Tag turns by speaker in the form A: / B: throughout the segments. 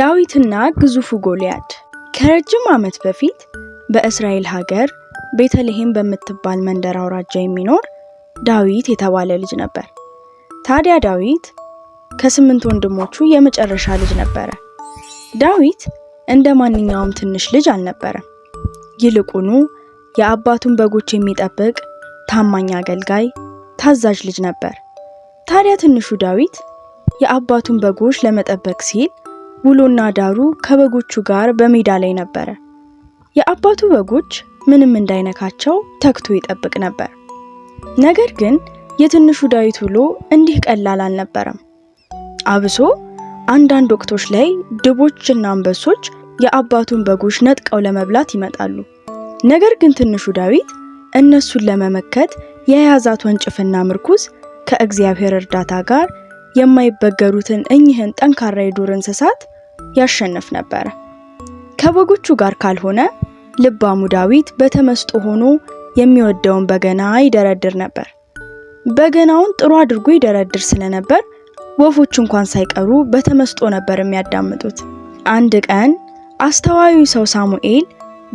A: ዳዊትና ግዙፉ ጎልያድ ከረጅም ዓመት በፊት በእስራኤል ሀገር ቤተልሔም በምትባል መንደር አውራጃ የሚኖር ዳዊት የተባለ ልጅ ነበር። ታዲያ ዳዊት ከስምንት ወንድሞቹ የመጨረሻ ልጅ ነበረ። ዳዊት እንደ ማንኛውም ትንሽ ልጅ አልነበረም። ይልቁኑ የአባቱን በጎች የሚጠብቅ ታማኝ አገልጋይ፣ ታዛዥ ልጅ ነበር። ታዲያ ትንሹ ዳዊት የአባቱን በጎች ለመጠበቅ ሲል ውሎና ዳሩ ከበጎቹ ጋር በሜዳ ላይ ነበረ። የአባቱ በጎች ምንም እንዳይነካቸው ተግቶ ይጠብቅ ነበር። ነገር ግን የትንሹ ዳዊት ውሎ እንዲህ ቀላል አልነበረም። አብሶ አንዳንድ ወቅቶች ላይ ድቦችና አንበሶች የአባቱን በጎች ነጥቀው ለመብላት ይመጣሉ። ነገር ግን ትንሹ ዳዊት እነሱን ለመመከት የያዛት ወንጭፍና ምርኩዝ ከእግዚአብሔር እርዳታ ጋር የማይበገሩትን እኚህን ጠንካራ የዱር እንስሳት ያሸንፍ ነበር። ከበጎቹ ጋር ካልሆነ ልባሙ ዳዊት በተመስጦ ሆኖ የሚወደውን በገና ይደረድር ነበር። በገናውን ጥሩ አድርጎ ይደረድር ስለነበር ወፎች እንኳን ሳይቀሩ በተመስጦ ነበር የሚያዳምጡት። አንድ ቀን አስተዋዩ ሰው ሳሙኤል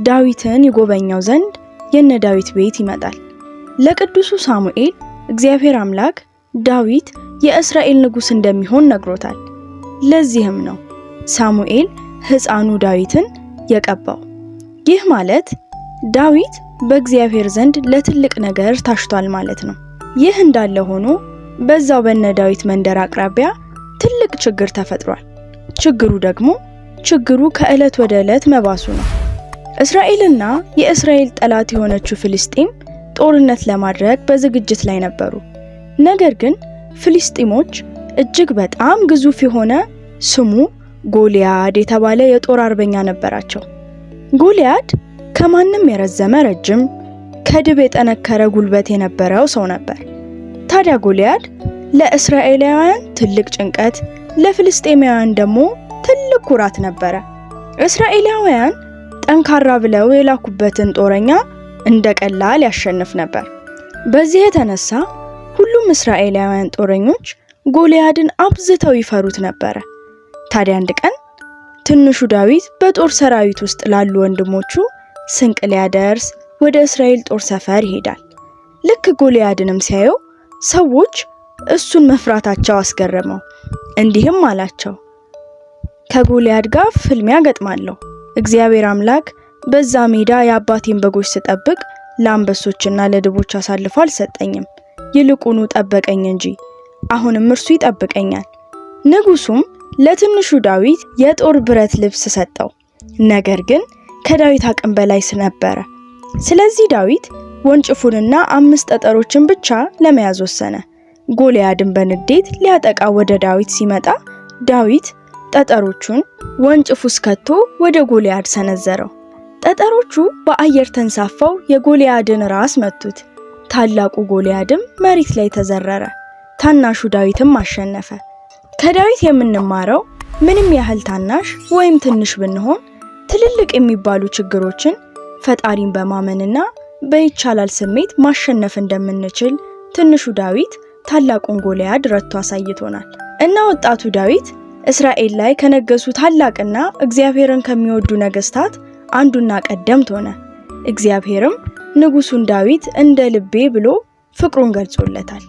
A: ዳዊትን ይጎበኘው ዘንድ የነ ዳዊት ቤት ይመጣል። ለቅዱሱ ሳሙኤል እግዚአብሔር አምላክ ዳዊት የእስራኤል ንጉሥ እንደሚሆን ነግሮታል። ለዚህም ነው ሳሙኤል ሕፃኑ ዳዊትን የቀባው። ይህ ማለት ዳዊት በእግዚአብሔር ዘንድ ለትልቅ ነገር ታሽቷል ማለት ነው። ይህ እንዳለ ሆኖ በዛው በነ ዳዊት መንደር አቅራቢያ ትልቅ ችግር ተፈጥሯል። ችግሩ ደግሞ ችግሩ ከዕለት ወደ ዕለት መባሱ ነው። እስራኤልና የእስራኤል ጠላት የሆነችው ፍልስጤም ጦርነት ለማድረግ በዝግጅት ላይ ነበሩ። ነገር ግን ፍልስጤሞች እጅግ በጣም ግዙፍ የሆነ ስሙ ጎልያድ የተባለ የጦር አርበኛ ነበራቸው። ጎልያድ ከማንም የረዘመ ረጅም፣ ከድብ የጠነከረ ጉልበት የነበረው ሰው ነበር። ታዲያ ጎልያድ ለእስራኤላውያን ትልቅ ጭንቀት፣ ለፍልስጤማውያን ደግሞ ትልቅ ኩራት ነበረ። እስራኤላውያን ጠንካራ ብለው የላኩበትን ጦረኛ እንደ ቀላል ያሸንፍ ነበር። በዚህ የተነሳ ሁሉም እስራኤላውያን ጦረኞች ጎልያድን አብዝተው ይፈሩት ነበረ። ታዲያ አንድ ቀን ትንሹ ዳዊት በጦር ሰራዊት ውስጥ ላሉ ወንድሞቹ ስንቅ ሊያደርስ ወደ እስራኤል ጦር ሰፈር ይሄዳል። ልክ ጎልያድንም ሲያየው ሰዎች እሱን መፍራታቸው አስገረመው። እንዲህም አላቸው፣ ከጎልያድ ጋር ፍልሚያ ገጥማለሁ። እግዚአብሔር አምላክ በዛ ሜዳ የአባቴን በጎች ስጠብቅ ለአንበሶችና ለድቦች አሳልፎ አልሰጠኝም፣ ይልቁኑ ጠበቀኝ እንጂ አሁንም እርሱ ይጠብቀኛል። ንጉሱም ለትንሹ ዳዊት የጦር ብረት ልብስ ሰጠው። ነገር ግን ከዳዊት አቅም በላይ ስነበረ ስለዚህ ዳዊት ወንጭፉንና አምስት ጠጠሮችን ብቻ ለመያዝ ወሰነ። ጎልያድን በንዴት ሊያጠቃ ወደ ዳዊት ሲመጣ ዳዊት ጠጠሮቹን ወንጭፉ ስከቶ ወደ ጎልያድ ሰነዘረው። ጠጠሮቹ በአየር ተንሳፈው የጎልያድን ራስ መቱት። ታላቁ ጎልያድም መሬት ላይ ተዘረረ። ታናሹ ዳዊትም አሸነፈ። ከዳዊት የምንማረው ምንም ያህል ታናሽ ወይም ትንሽ ብንሆን ትልልቅ የሚባሉ ችግሮችን ፈጣሪን በማመንና በይቻላል ስሜት ማሸነፍ እንደምንችል ትንሹ ዳዊት ታላቁን ጎልያድ ረድቶ አሳይቶናል እና ወጣቱ ዳዊት እስራኤል ላይ ከነገሱ ታላቅና እግዚአብሔርን ከሚወዱ ነገስታት አንዱና ቀደምት ሆነ። እግዚአብሔርም ንጉሱን ዳዊት እንደ ልቤ ብሎ ፍቅሩን ገልጾለታል።